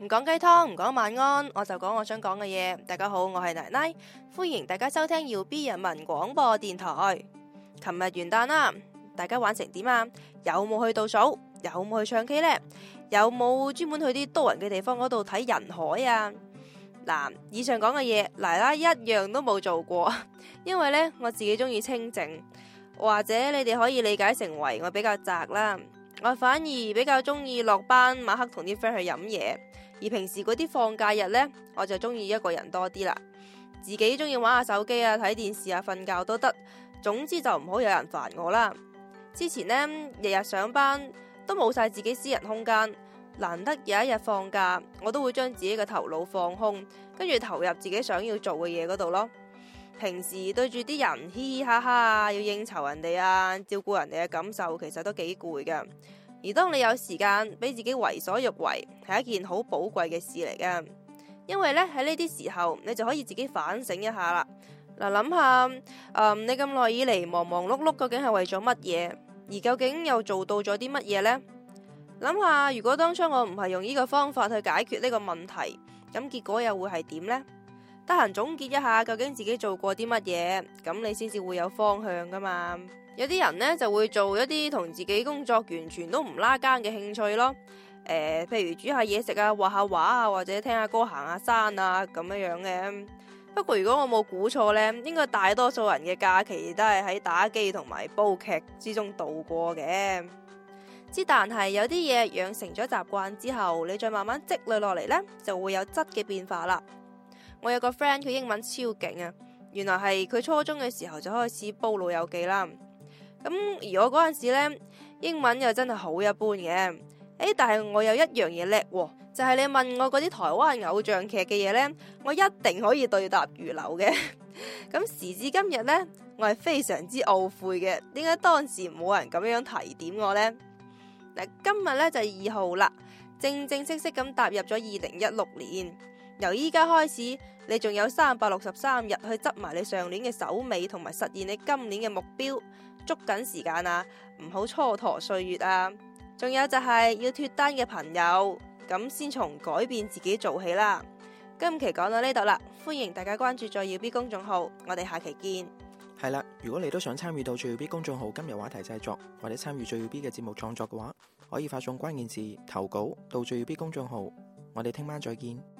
唔講雞湯，唔講晚安，我就講我想講嘅嘢。大家好，我係奶奶，歡迎大家收聽耀 B 人民廣播電台。琴日元旦啦，大家玩成點啊？有冇去倒數？有冇去唱 K 呢？有冇專門去啲多人嘅地方嗰度睇人海啊？嗱，以上講嘅嘢，奶奶一樣都冇做過，因為呢，我自己中意清靜，或者你哋可以理解成為我比較宅啦。我反而比較中意落班晚黑同啲 friend 去飲嘢。而平時嗰啲放假日呢，我就中意一個人多啲啦，自己中意玩下手機啊、睇電視啊、瞓覺都得，總之就唔好有人煩我啦。之前呢，日日上班都冇晒自己私人空間，難得有一日放假，我都會將自己嘅頭腦放空，跟住投入自己想要做嘅嘢嗰度咯。平時對住啲人嘻嘻哈哈，要應酬人哋啊，照顧人哋嘅感受，其實都幾攰㗎。而當你有時間俾自己為所欲為，係一件好寶貴嘅事嚟嘅。因為呢，喺呢啲時候，你就可以自己反省一下啦。嗱，諗下，誒、嗯，你咁耐以嚟忙忙碌碌，碌，究竟係為咗乜嘢？而究竟又做到咗啲乜嘢呢？諗下，如果當初我唔係用呢個方法去解決呢個問題，咁結果又會係點呢？得閒總結一下，究竟自己做過啲乜嘢？咁你先至會有方向噶嘛？有啲人呢，就會做一啲同自己工作完全都唔拉更嘅興趣咯，呃、譬如煮下嘢食啊、畫下畫啊，或者聽下歌、行下山啊咁樣樣嘅。不過如果我冇估錯呢，應該大多數人嘅假期都係喺打機同埋煲劇之中度過嘅。之但係有啲嘢養成咗習慣之後，你再慢慢積累落嚟呢，就會有質嘅變化啦。我有個 friend 佢英文超勁啊，原來係佢初中嘅時候就開始煲《老友記》啦。咁而我嗰陣時呢，英文又真係好一般嘅。誒，但係我有一樣嘢叻，就係、是、你問我嗰啲台灣偶像劇嘅嘢呢，我一定可以對答如流嘅。咁 時至今日呢，我係非常之懊悔嘅，點解當時冇人咁樣提點我呢？嗱，今日呢就係二號啦，正正式式咁踏入咗二零一六年。由依家開始，你仲有三百六十三日去執埋你上年嘅首尾，同埋實現你今年嘅目標。捉緊時間啊，唔好蹉跎歲月啊！仲有就係要脫單嘅朋友，咁先從改變自己做起啦。今期講到呢度啦，歡迎大家關注最耀 B 公眾號，我哋下期見。係啦，如果你都想參與到最耀 B 公眾號今日話題製作，或者參與最耀 B 嘅節目創作嘅話，可以發送關鍵字投稿到最耀 B 公眾號，我哋聽晚再見。